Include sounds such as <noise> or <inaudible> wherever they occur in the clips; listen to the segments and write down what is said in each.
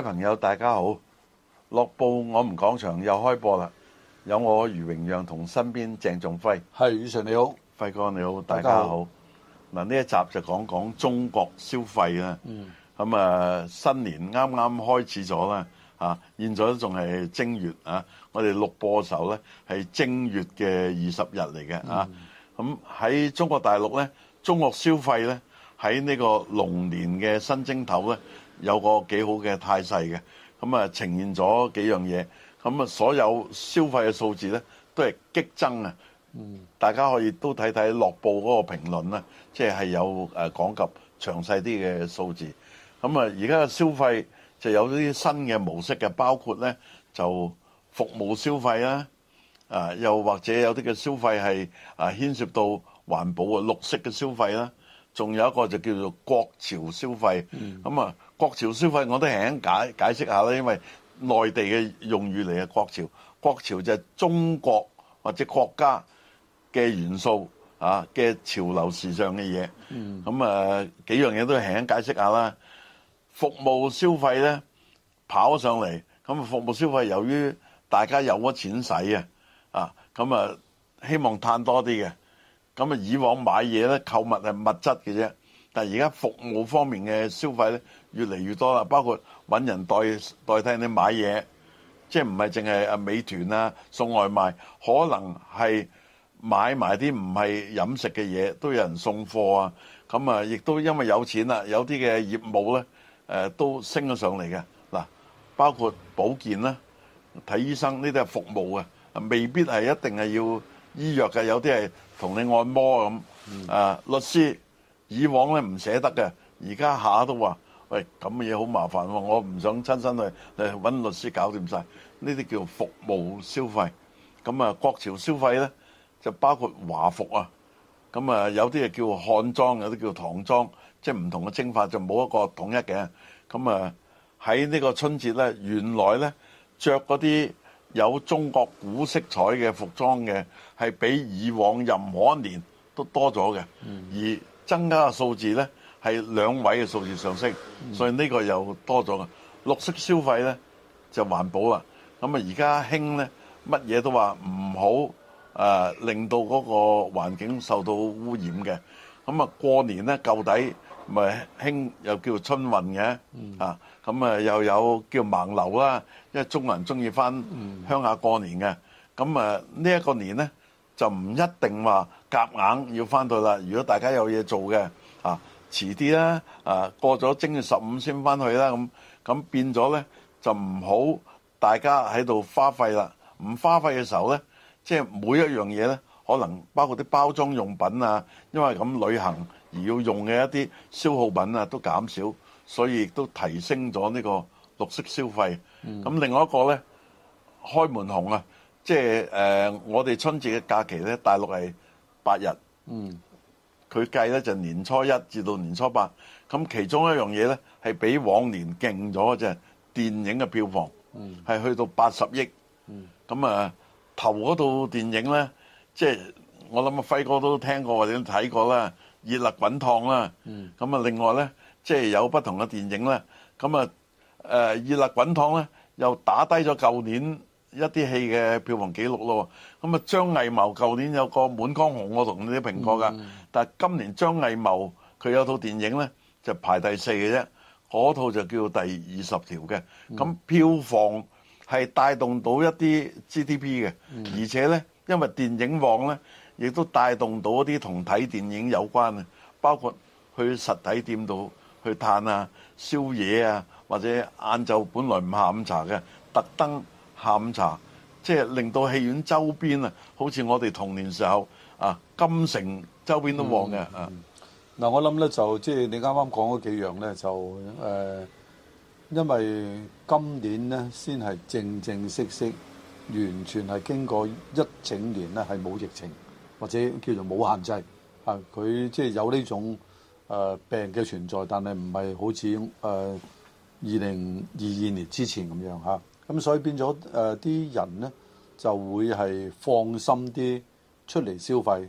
各位朋友，大家好！樂報我哋講場又開播啦，有我余榮讓同身邊鄭仲輝，係余 Sir 你好，輝哥你好，大家好。嗱呢一集就講講中國消費啦。咁、嗯、啊，新年啱啱開始咗啦，啊，現在仲係正月啊。我哋錄播嘅時候呢，係正月嘅二十日嚟嘅啊。咁喺中國大陸呢，中國消費呢，喺呢個龍年嘅新正頭呢。有個幾好嘅態勢嘅，咁啊呈現咗幾樣嘢，咁啊所有消費嘅數字呢都係激增啊！大家可以都睇睇《樂報》嗰個評論啦，即係有誒講及詳細啲嘅數字。咁啊，而家嘅消費就有啲新嘅模式嘅，包括呢就服務消費啦，啊又或者有啲嘅消費係啊牽涉到環保啊、綠色嘅消費啦。仲有一個就叫做國潮消費，咁啊國潮消費我都輕輕解解釋下啦，因為內地嘅用語嚟嘅國潮，國潮就係中國或者國家嘅元素啊嘅潮流時尚嘅嘢，咁啊幾樣嘢都輕輕解釋下啦。服務消費咧跑上嚟，咁啊服務消費由於大家有咗錢使啊，啊咁啊希望嘆多啲嘅。咁啊，以往買嘢咧，購物係物質嘅啫。但係而家服務方面嘅消費咧，越嚟越多啦。包括揾人代代替你買嘢，即係唔係淨係啊美團啊送外賣，可能係買埋啲唔係飲食嘅嘢，都有人送貨啊。咁啊，亦都因為有錢啦，有啲嘅業務咧，誒都升咗上嚟嘅。嗱，包括保健啦、睇醫生呢啲係服務啊，未必係一定係要。醫藥嘅有啲係同你按摩咁、嗯，啊，律師以往咧唔捨得嘅，而家下都話：喂，咁嘅嘢好麻煩喎、啊，我唔想親身去嚟搵律師搞掂晒。呢啲叫服務消費。咁啊，國潮消費呢就包括華服啊。咁啊，有啲係叫漢裝，有啲叫唐裝，即係唔同嘅稱法，就冇、是、一個統一嘅。咁啊，喺呢個春節呢，原來呢着嗰啲。有中國古色彩的服裝的是比以往任何一年都多了，而增加的數字是兩位的數字上升，所以這個又多了。綠色消費就環保了，現在興乜嘢都話唔好令到那個環境受到污染的。過年究底咪興又叫春運嘅、嗯，啊咁啊又有叫盲流啦，因為中國人中意翻鄉下過年嘅，咁啊呢一個年呢，就唔一定話夾硬要翻去啦。如果大家有嘢做嘅，啊遲啲啦，啊過咗正月十五先翻去啦咁，咁變咗呢，就唔好大家喺度花費啦。唔花費嘅時候呢，即係每一樣嘢呢，可能包括啲包裝用品啊，因為咁旅行，而要用嘅一啲消耗品啊，都減少，所以亦都提升咗呢個綠色消費。嗯，咁另外一個呢，開門紅啊，即係呃，我哋春節嘅假期呢，大陸係八日，嗯，佢計呢就年初一至到年初八，咁其中一樣嘢呢，係比往年勁咗，就係電影嘅票房，嗯，係去到八十億，咁啊，嗯，頭嗰套電影呢，即係。我諗阿輝哥都聽過或者睇過啦，《熱辣滾燙》啦，咁啊、嗯，另外咧，即係有不同嘅電影啦咁啊，誒，《熱辣滾燙》咧又打低咗舊年一啲戲嘅票房記錄咯。咁啊，張藝謀舊年有個《滿江紅》，我同你哋評過㗎、嗯，但係今年張藝謀佢有套電影咧就排第四嘅啫，嗰套就叫《第二十條》嘅。咁票房係帶動到一啲 GDP 嘅，而且咧，因為電影網咧。亦都帶動到一啲同睇電影有關啊，包括去實體店度去嘆啊、宵夜啊，或者晏晝本來唔下午茶嘅，特登下午茶，即係令到戲院周邊啊，好似我哋童年時候啊，金城周邊都旺嘅啊。嗱，我諗咧就即係你啱啱講嗰幾樣咧，就誒，因為今年咧先係正正式式，完全係經過一整年咧係冇疫情。或者叫做冇限制啊，佢即係有呢種誒、呃、病嘅存在，但係唔係好似誒二零二二年之前咁樣吓，咁、啊、所以變咗誒啲人呢就會係放心啲出嚟消費，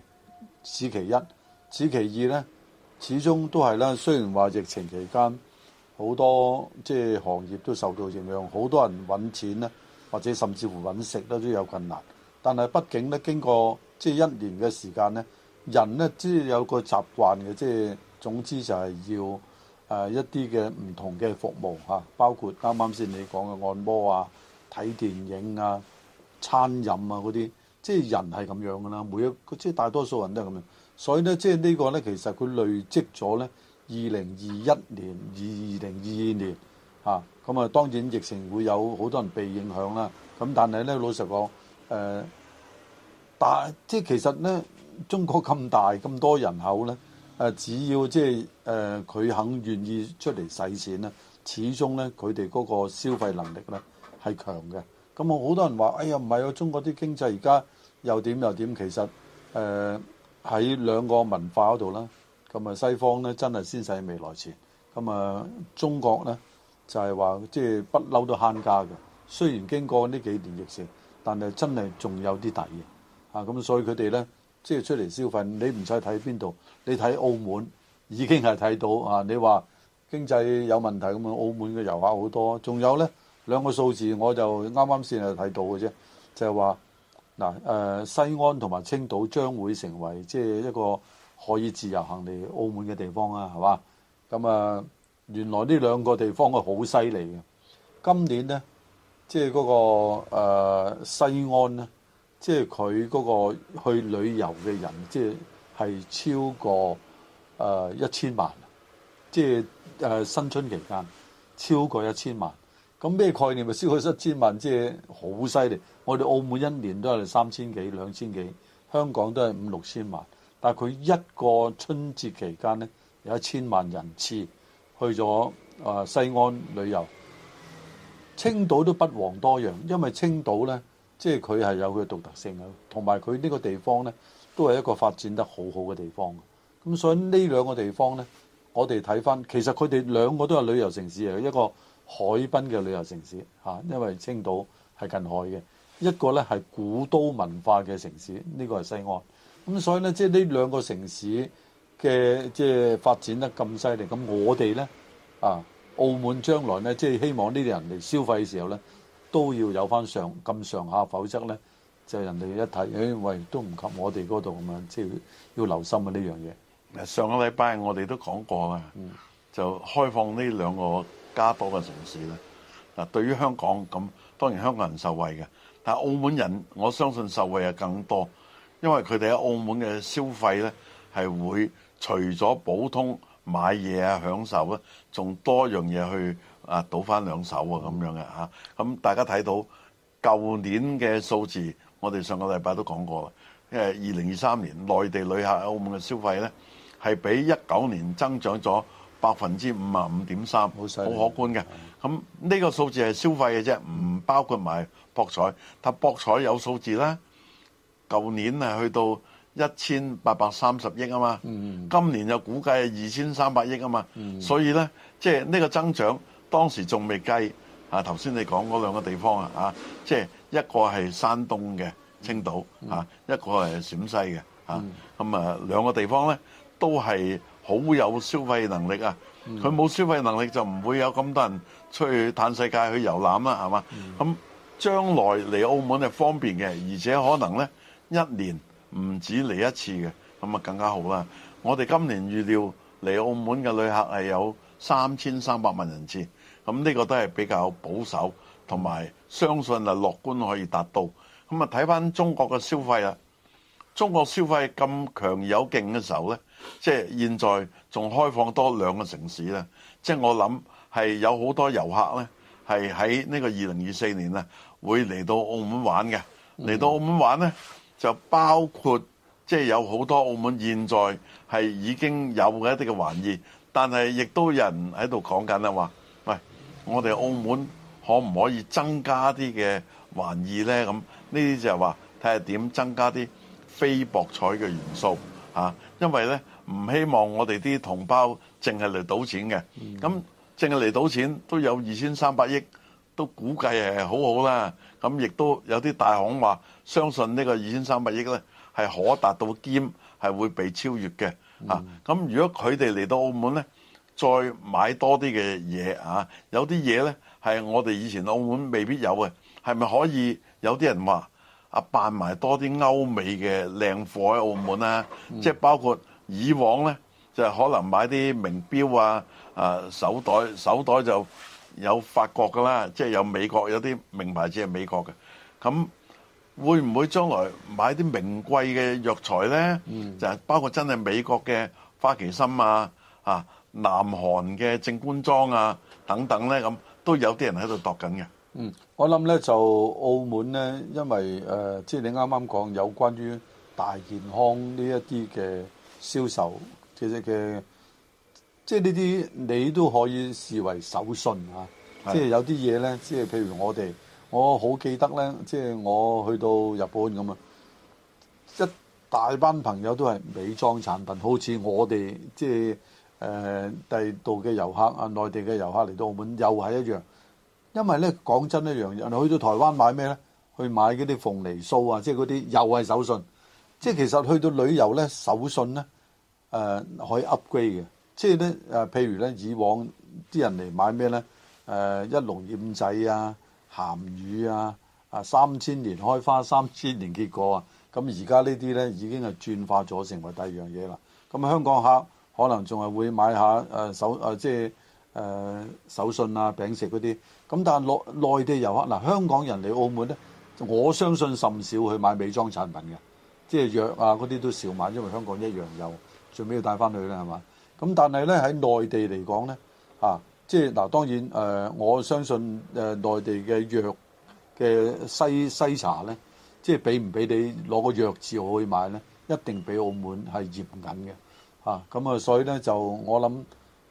此其一，此其二呢，始終都係啦。雖然話疫情期間好多即係、就是、行業都受到影響，好多人揾錢呢，或者甚至乎揾食呢都有困難，但係畢竟呢經過。即係一年嘅時間呢，人呢，即係有個習慣嘅，即係總之就係要誒一啲嘅唔同嘅服務嚇、啊，包括啱啱先你講嘅按摩啊、睇電影啊、餐飲啊嗰啲，即係人係咁樣㗎啦，每一即係大多數人都係咁樣，所以呢，即係呢個呢，其實佢累積咗呢二零二一年、二零二二年嚇，咁啊當然疫情會有好多人被影響啦，咁但係呢，老實講誒。但即係其實咧，中國咁大咁多人口咧，只要即係佢肯願意出嚟使錢咧，始終咧佢哋嗰個消費能力咧係強嘅。咁我好多人話：哎呀，唔係啊！中國啲經濟而家又點又點？其實喺、呃、兩個文化嗰度啦，咁啊西方咧真係先使未來錢，咁啊中國咧就係、是、話即不嬲都慳家嘅。雖然經過呢幾年疫情，但係真係仲有啲底嘅。啊，咁所以佢哋咧，即係出嚟消費，你唔使睇邊度，你睇澳門已經係睇到啊！你話經濟有問題咁，澳門嘅遊客好多，仲有呢兩個數字，我就啱啱先係睇到嘅啫，就係話嗱誒西安同埋青島將會成為即係一個可以自由行嚟澳門嘅地方啦，係嘛？咁啊，原來呢兩個地方係好犀利嘅。今年呢，即係嗰個誒西安呢即係佢嗰個去旅遊嘅人，即係係超過誒一千萬。即係誒、呃、新春期間超過一千萬。咁咩概念？咪超過一千萬，即係好犀利。我哋澳門一年都係三千幾兩千幾，香港都係五六千萬。但佢一個春節期間咧，有一千萬人次去咗誒、呃、西安旅遊。青島都不遑多讓，因為青島咧。即係佢係有佢獨特性嘅，同埋佢呢個地方呢都係一個發展得好好嘅地方。咁所以呢兩個地方呢，我哋睇翻，其實佢哋兩個都係旅遊城市嚟嘅，一個海濱嘅旅遊城市，因為青島係近海嘅；一個呢係古都文化嘅城市，呢、這個係西安。咁所以呢，即係呢兩個城市嘅即係發展得咁犀利。咁我哋呢，啊，澳門將來呢，即係希望呢啲人嚟消費嘅時候呢，都要有翻上咁上下，否則呢就人哋一睇，誒、哎、喂都唔及我哋嗰度咁樣，即、就、係、是、要留心啊呢樣嘢。上個禮拜我哋都講過啦、嗯，就開放呢兩個加多嘅城市咧。嗱、嗯，對於香港咁，當然香港人受惠嘅，但係澳門人我相信受惠係更多，因為佢哋喺澳門嘅消費呢係會除咗普通買嘢啊、享受啦，仲多樣嘢去。啊，賭翻兩手啊，咁樣嘅嚇。咁、啊、大家睇到舊年嘅數字，我哋上個禮拜都講過啦。因為二零二三年內地旅客澳門嘅消費呢，係比一九年增長咗百分之五啊五點三，好犀利，好可觀嘅。咁呢個數字係消費嘅啫，唔包括埋博彩。但博彩有數字啦，舊年係去到一千八百三十億啊嘛、嗯，今年就估計係二千三百億啊嘛、嗯。所以呢，即係呢個增長。當時仲未計，啊頭先你講嗰兩個地方啊，啊，即係一個係山東嘅青島，啊，一個係陝西嘅，啊，咁啊兩個地方咧都係好有消費能力啊，佢冇消費能力就唔會有咁多人出去嘆世界去遊覽啦，係嘛？咁將來嚟澳門係方便嘅，而且可能咧一年唔止嚟一次嘅，咁啊更加好啦。我哋今年預料嚟澳門嘅旅客係有。三千三百萬人次，咁呢個都係比較保守，同埋相信啊樂觀可以達到。咁啊睇翻中國嘅消費啦，中國消費咁強有勁嘅時候呢，即係現在仲開放多兩個城市呢。即係我諗係有好多遊客呢，係喺呢個二零二四年呢，會嚟到澳門玩嘅。嚟、嗯、到澳門玩呢，就包括即係有好多澳門現在係已經有嘅一啲嘅玩意。但係亦都有人喺度講緊啦，話喂我哋澳門可唔可以增加啲嘅玩意呢？咁呢啲就係話睇下點增加啲非博彩嘅元素啊！因為呢，唔希望我哋啲同胞淨係嚟賭錢嘅，咁淨係嚟賭錢都有二千三百億，都估計係好好啦。咁亦都有啲大行話相信呢個二千三百億呢係可達到兼係會被超越嘅。嗯、啊，咁如果佢哋嚟到澳門咧，再買多啲嘅嘢啊，有啲嘢咧係我哋以前澳門未必有嘅，係咪可以有啲人話啊扮埋多啲歐美嘅靚貨喺澳門啊？即、嗯、係、就是、包括以往咧就可能買啲名錶啊，啊手袋手袋就有法國噶啦，即、就、係、是、有美國有啲名牌只係美國嘅，咁、啊。會唔會將來買啲名貴嘅藥材咧？就係包括真係美國嘅花旗參啊，啊，南韓嘅正官莊啊，等等咧咁，都有啲人喺度度緊嘅。嗯，我諗咧就澳門咧，因為誒，即係你啱啱講有關於大健康呢一啲嘅銷售，其實嘅，即係呢啲你都可以視為手信啊。即係有啲嘢咧，即係譬如我哋。我好記得咧，即係我去到日本咁啊，一大班朋友都係美妝產品，好似我哋即係誒第度嘅遊客啊，內地嘅遊客嚟到澳門又係一樣。因為咧講真一樣，人去到台灣買咩咧？去買嗰啲鳳梨酥啊，即係嗰啲又係手信。即係其實去到旅遊咧，手信咧誒可以 upgrade 嘅。即係咧誒，譬如咧以往啲人嚟買咩咧？誒一龍燕仔啊。鹹魚啊！啊，三千年開花三千年結果啊！咁而家呢啲呢已經係轉化咗成為第二樣嘢啦。咁香港客可能仲係會買下、啊、手、啊、即係、啊、手信啊、餅食嗰啲。咁但係內內地遊客嗱、啊，香港人嚟澳門呢，我相信甚少去買美妝產品嘅，即係藥啊嗰啲都少買，因為香港一樣有。最尾要帶翻去啦，係嘛？咁但係呢喺內地嚟講呢。啊～即係嗱，當然誒我相信誒內地嘅藥嘅西西茶咧，即係俾唔俾你攞個藥字去買買咧，一定俾澳門係嚴緊嘅吓。咁啊，所以咧就我諗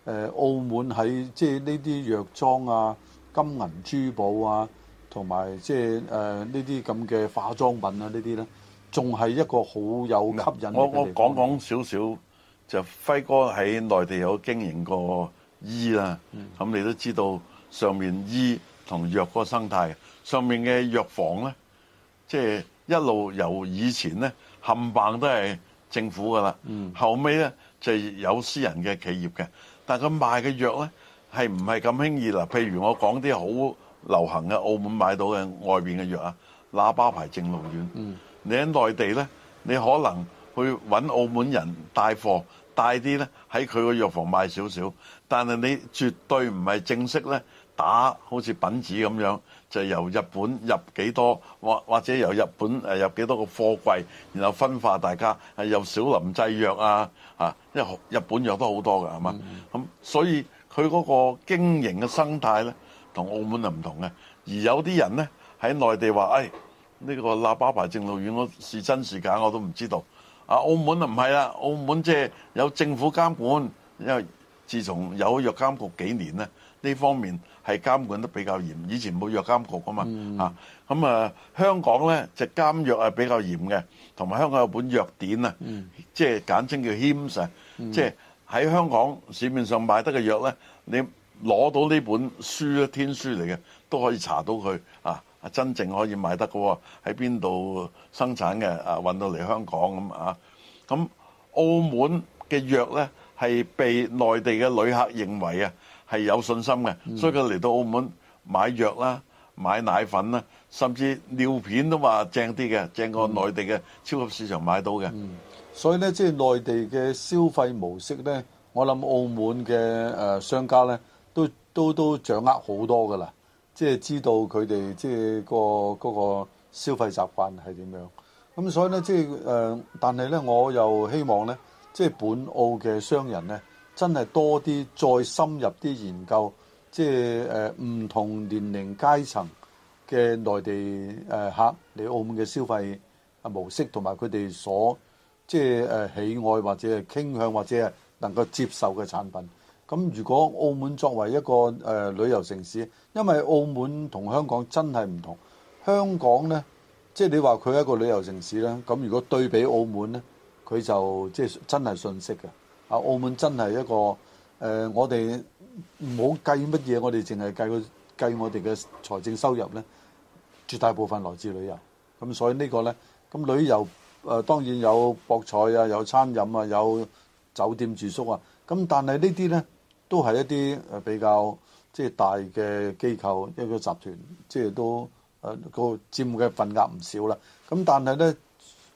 誒，澳門喺即係呢啲藥妝啊、金銀珠寶啊，同埋即係誒呢啲咁嘅化妝品啊，呢啲咧，仲係一個好有吸引。我我講講少少，就輝哥喺內地有經營過。醫啦，咁你都知道上面醫同藥嗰個生態，上面嘅藥房呢，即係一路由以前呢冚棒都係政府噶啦，後尾呢就有私人嘅企業嘅，但係佢賣嘅藥呢，係唔係咁輕易嗱？譬如我講啲好流行嘅澳門買到嘅外邊嘅藥啊、喇叭牌正露丸，你喺內地呢，你可能去揾澳門人帶貨。大啲咧喺佢個藥房賣少少，但係你絕對唔係正式咧打，好似品字咁樣，就由日本入幾多，或或者由日本入幾多個貨櫃，然後分化大家，又小林製藥啊，因為日本藥都好多㗎，係嘛？咁、mm-hmm. 所以佢嗰個經營嘅生態咧，同澳門係唔同嘅。而有啲人咧喺內地話，誒、哎、呢、這個喇叭牌正露丸，我是真是假我都唔知道。啊！澳門就唔係啦，澳門即係有政府監管，因為自從有藥監局幾年咧，呢方面係監管得比較嚴。以前冇藥監局㗎嘛，嗯、啊咁、嗯、啊，香港咧就監藥係比較嚴嘅，同埋香港有本藥典啊，即、嗯、係簡稱叫謄曬，即係喺香港市面上賣得嘅藥咧，你攞到呢本書咧，天書嚟嘅都可以查到佢啊。啊，真正可以買得嘅，喺邊度生產嘅啊，運到嚟香港咁啊，咁澳門嘅藥咧，係被內地嘅旅客認為啊，係有信心嘅，嗯、所以佢嚟到澳門買藥啦、買奶粉啦，甚至尿片都話正啲嘅，正過內地嘅超級市場買到嘅，嗯。所以咧，即係內地嘅消費模式咧，我諗澳門嘅誒商家咧，都都都掌握好多噶啦。即係知道佢哋即係個嗰個消費習慣係點樣，咁所以呢，即係誒，但係呢，我又希望呢，即係本澳嘅商人呢，真係多啲再深入啲研究，即係唔同年齡階層嘅內地誒客嚟澳門嘅消費模式，同埋佢哋所即係喜愛或者係傾向或者係能夠接受嘅產品。咁如果澳門作為一個誒旅遊城市，因為澳門同香港真係唔同。香港咧，即係你話佢一個旅遊城市咧，咁如果對比澳門咧，佢就即係真係信息嘅。啊，澳門真係一個誒，我哋唔好計乜嘢，我哋淨係計佢計我哋嘅財政收入咧，絕大部分來自旅遊。咁所以呢個咧，咁旅遊誒當然有博彩啊，有餐飲啊，有酒店住宿啊。咁但係呢啲咧，都係一啲誒比較即係大嘅機構一個集團，即係都誒個佔嘅份額唔少啦。咁但係咧，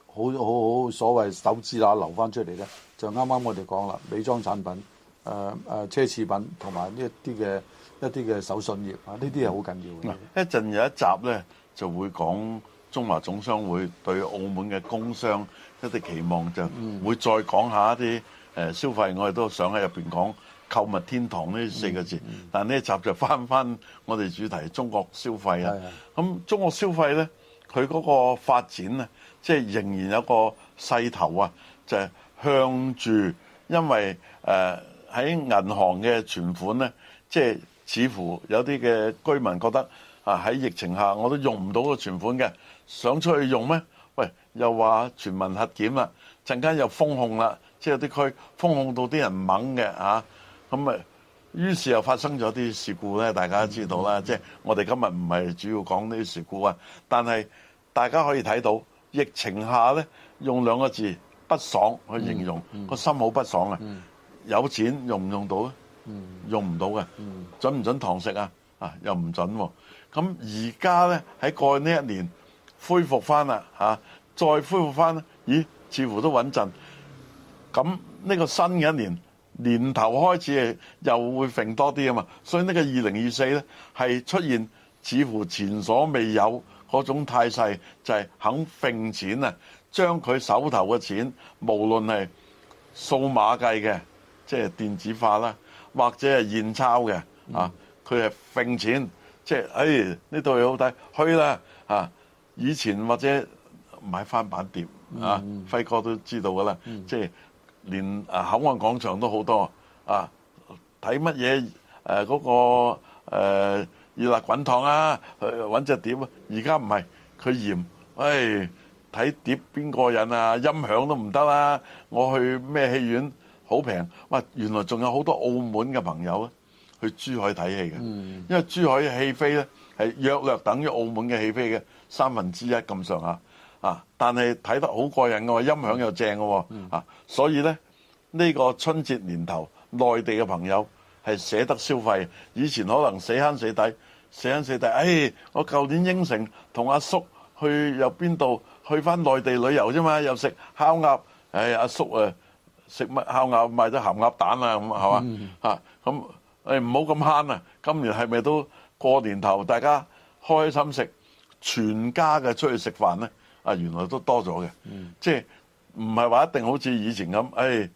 好好好所謂手指罅留翻出嚟咧，就啱啱我哋講啦，美妝產品誒，呃、奢侈品同埋呢啲嘅一啲嘅手信業啊，呢啲係好緊要嘅。一陣有一集咧就會講中華總商會對澳門嘅工商一啲期望，就會再講下一啲，呃、消費，我哋都想喺入面講。購物天堂呢四個字，嗯嗯、但呢集就返返我哋主題中國消費啊。咁、嗯、中國消費呢，佢嗰個發展呢，即係仍然有個勢頭啊，就係、是、向住。因為誒喺、呃、銀行嘅存款呢，即係似乎有啲嘅居民覺得啊喺疫情下我都用唔到個存款嘅，想出去用咩？喂，又話全民核檢啦，陣間又封控啦，即係有啲區封控到啲人猛嘅啊！咁啊，於是又發生咗啲事故咧，大家都知道啦。即、嗯、係、就是、我哋今日唔係主要講呢啲事故啊，但係大家可以睇到疫情下咧，用兩個字不爽去形容個、嗯嗯、心好不爽啊、嗯！有錢用唔用到啊？用唔到嘅、嗯，準唔準堂食啊？啊，又唔準喎、啊！咁而家咧喺過去呢一年恢復翻啦、啊，再恢復翻咦，似乎都穩陣。咁呢個新嘅一年。年頭開始又會揈多啲啊嘛，所以呢個二零二四咧係出現似乎前所未有嗰種態勢，就係肯揈錢啊！將佢手頭嘅錢，無論係數碼計嘅，即係電子化啦，或者係現鈔嘅啊，佢係揈錢，即係，哎，呢套嘢好睇，去啦啊！以前或者買翻版碟啊、嗯嗯，輝哥都知道噶啦，即係。連啊口岸廣場都好多啊！睇乜嘢？誒嗰個誒熱辣滾燙啊！去揾隻碟，而家唔係佢嫌，喂睇碟邊個人啊！音響都唔得啦！我去咩戲院好平哇！原來仲有好多澳門嘅朋友啊，去珠海睇戲嘅，嗯，因為珠海嘅戲飛咧係約略等於澳門嘅戲飛嘅三分之一咁上下。啊！但係睇得好過癮嘅，音響又正嘅喎，啊、嗯！所以咧，呢個春節年頭，內地嘅朋友係捨得消費。以前可能死慳死抵，死慳死抵。誒、哎，我舊年應承同阿叔去又邊度，去翻內地旅遊啫嘛，又食烤鴨。誒、哎，阿叔誒食乜烤鴨買咗鹹鴨蛋、嗯、啊咁係嘛？吓咁誒唔好咁慳啊！今年係咪都過年頭，大家開心食，全家嘅出去食飯咧？啊！原來都多咗嘅，嗯，即係唔係話一定好似以前咁，誒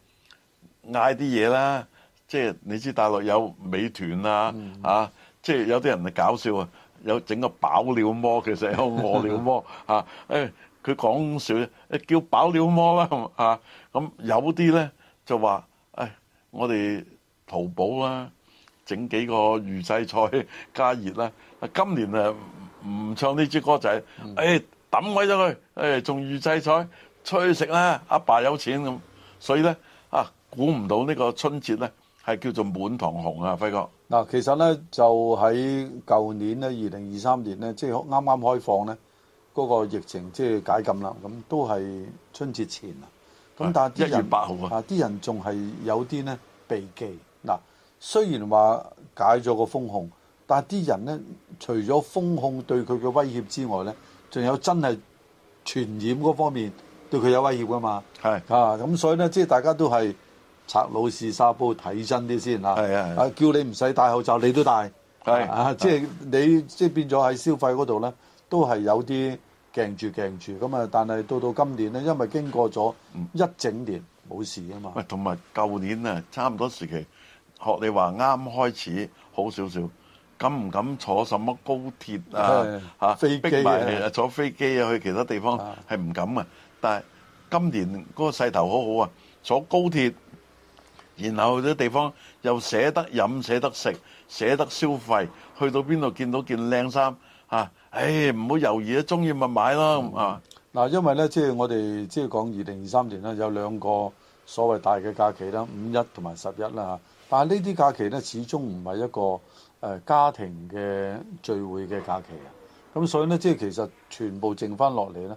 嗌啲嘢啦，即係你知大陸有美團啦、啊嗯啊，即係有啲人搞笑啊，有整個飽了麼。其實有餓了麼，嚇、 <laughs> 啊？佢講笑叫飽了麼啦、啊，咁、啊、有啲咧就話誒、哎，我哋淘寶啦、啊，整幾個預製菜加熱啦、啊。今年唔唱呢支歌仔、就是，誒、嗯。哎誒抌鬼咗佢！仲預製菜出去食啦，阿爸有錢咁，所以咧啊，估唔到呢個春節咧係叫做滿堂紅啊，輝哥嗱。其實咧就喺舊年咧，二零二三年咧，即係啱啱開放咧，嗰個疫情即係解禁啦。咁都係春節前啊。咁但係一月八號啊，啲人仲係有啲咧避忌嗱、啊。雖然話解咗個封控，但係啲人咧除咗封控對佢嘅威脅之外咧。仲有真係傳染嗰方面對佢有威脅㗎嘛？係啊，咁所以咧，即係大家都係拆老士沙煲睇真啲先啦、啊。係啊係啊啊，叫你唔使戴口罩，你都戴。係啊，啊，即係你即係變咗喺消費嗰度咧，都係有啲頸住頸住咁啊！但係到到今年咧，因為經過咗一整年冇事啊嘛。喂、嗯，同埋舊年啊，差唔多時期，學你話啱開始好少少。敢唔敢坐什麼高鐵啊？嚇，逼埋坐飛機啊，去其他地方係唔敢嘅。但係今年嗰個勢頭好好啊，坐高鐵，然後啲地方又捨得飲、捨得食、捨得消費，去到邊度見到件靚衫嚇，誒唔好猶豫啊，中意咪買咯咁啊。嗱，因為咧，即係我哋即係講二零二三年啦，有兩個所謂大嘅假期啦，五一同埋十一啦嚇。但係呢啲假期咧，始終唔係一個。誒家庭嘅聚會嘅假期啊，咁所以咧，即係其實全部剩返落嚟咧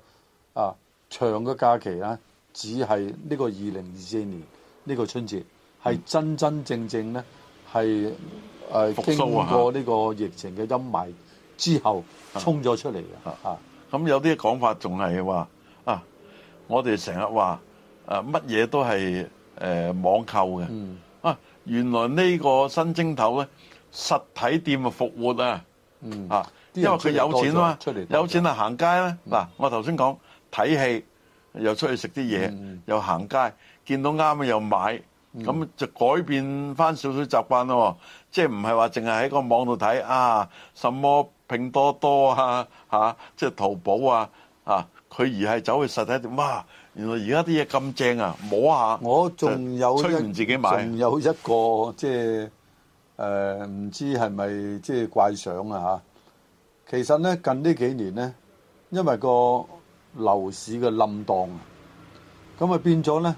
啊，長嘅假期咧、啊，只係呢個二零二四年呢個春節係真真正正咧係誒經過呢個疫情嘅陰霾之後衝咗出嚟嘅嚇。咁、啊啊啊、有啲講法仲係話啊，我哋成日話誒乜嘢都係誒、啊、網購嘅、嗯、啊，原來呢個新正頭咧。實體店啊復活啊，啊、嗯，因為佢有錢啊嘛出嚟，有錢啊行街啦。嗱、嗯，我頭先講睇戲，又出去食啲嘢，又行街，見到啱啊又買，咁、嗯、就改變翻少少習慣咯。即係唔係話淨係喺個網度睇啊，什麼拼多多啊即係、啊就是、淘寶啊啊，佢而係走去實體店。哇，原來而家啲嘢咁正啊，摸下。我仲有一仲有一個即係。就是誒、呃，唔知係咪即係怪想啊吓？其實咧近呢幾年咧，因為個樓市嘅冧檔，咁啊變咗咧，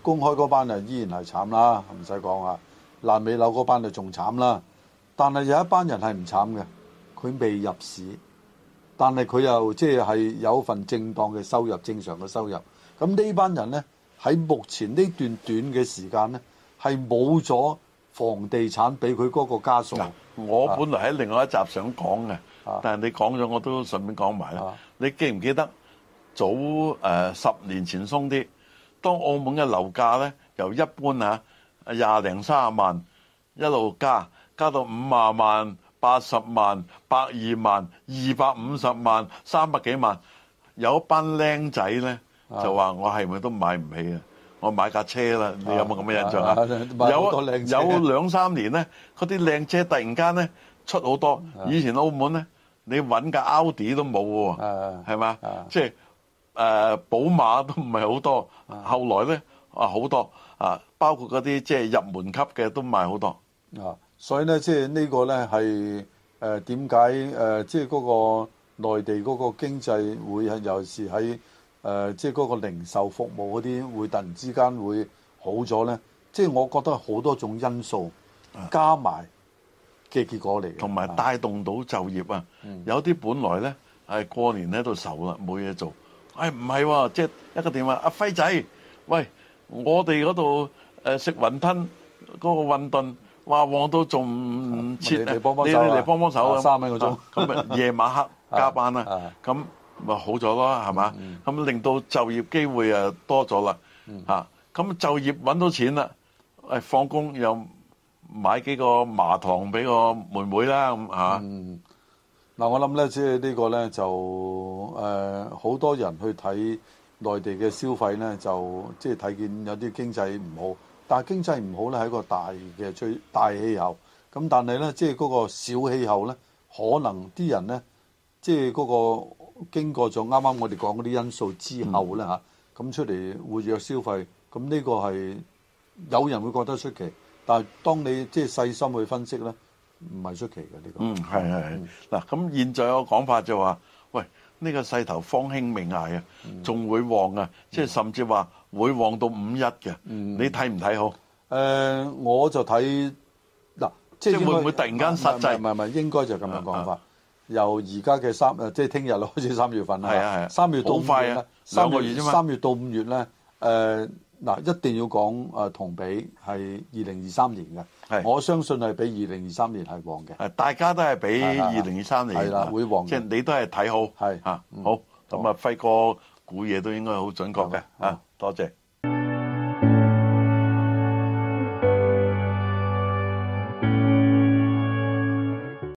公開嗰班人依然係慘啦，唔使講啊，爛尾樓嗰班就仲慘啦。但係有一班人係唔慘嘅，佢未入市，但係佢又即係、就是、有份正當嘅收入，正常嘅收入。咁呢班人咧喺目前呢段短嘅時間咧，係冇咗。房地產俾佢嗰個加數。Yeah, 我本來喺另外一集想講嘅、啊，但係你講咗我都順便講埋啦、啊。你記唔記得早誒十、呃、年前鬆啲，當澳門嘅樓價呢由一般啊，廿零三十萬一路加加到五啊萬、八十萬、百二萬、二百五十萬、三百幾萬，有一班僆仔呢是、啊、就話我係咪都買唔起啊？我買架車啦，你有冇咁嘅印象啊？有有兩三年咧，嗰啲靚車突然間咧出好多。以前澳門咧，你揾架 Audi 都冇喎，係嘛？即係誒，寶馬都唔係好多。後來咧啊，好多啊，包括嗰啲即係入門級嘅都賣好多。啊，所以咧即係呢個咧係誒點解誒即係嗰個內地嗰個經濟會尤其係喺？誒、呃，即係嗰個零售服務嗰啲會突然之間會好咗咧，即係我覺得好多種因素加埋嘅結果嚟，同、啊、埋帶動到就業啊。嗯、有啲本來咧係過年呢都愁啦，冇嘢做。誒唔係喎，即係一個電話，阿、啊、輝仔，喂，我哋嗰度食雲吞嗰、那個雲吞，話旺到仲唔切嚟、啊啊、幫幫手、啊，三蚊個鐘，咁、啊、夜、 <laughs> 啊、晚黑加班啦、啊，咁、啊。啊啊啊咪好咗咯，係嘛？咁、嗯嗯、令到就業機會誒多咗啦嚇。咁、嗯啊、就業揾到錢啦，誒放工又買幾個麻糖俾個妹妹啦咁嚇。嗱、啊嗯嗯，我諗咧，即、就、係、是、呢個咧就誒好、呃、多人去睇內地嘅消費咧，就即係睇見有啲經濟唔好，但係經濟唔好咧係一個大嘅最大氣候咁，那但係咧即係嗰個小氣候咧，可能啲人咧即係嗰個。經過咗啱啱我哋講嗰啲因素之後咧吓，咁、嗯、出嚟活躍消費，咁呢個係有人會覺得出奇，但係當你即係細心去分析咧，唔係出奇嘅呢、這個。嗯，係係係。嗱、嗯，咁現在個講法就話、是，喂，呢、這個勢頭方興未艾啊，仲、嗯、會旺啊、嗯，即係甚至話會旺到五一嘅、嗯。你睇唔睇好？誒、呃，我就睇嗱、就是，即係會唔會突然間實際？唔唔唔，應該就咁樣講法。啊由而家嘅三，即係聽日開始三月份啦。係啊，係啊。三月到五月快、啊、三個月啫嘛。三月到五月咧，誒、呃、嗱一定要講誒同比係二零二三年嘅。係，我相信係比二零二三年係旺嘅。誒、啊，大家都係比二零二三年係啦、啊啊，會旺。即、就、係、是、你都係睇好。係啊，好。咁、嗯、啊，那輝哥估嘢都應該好準確嘅。啊，啊，多謝。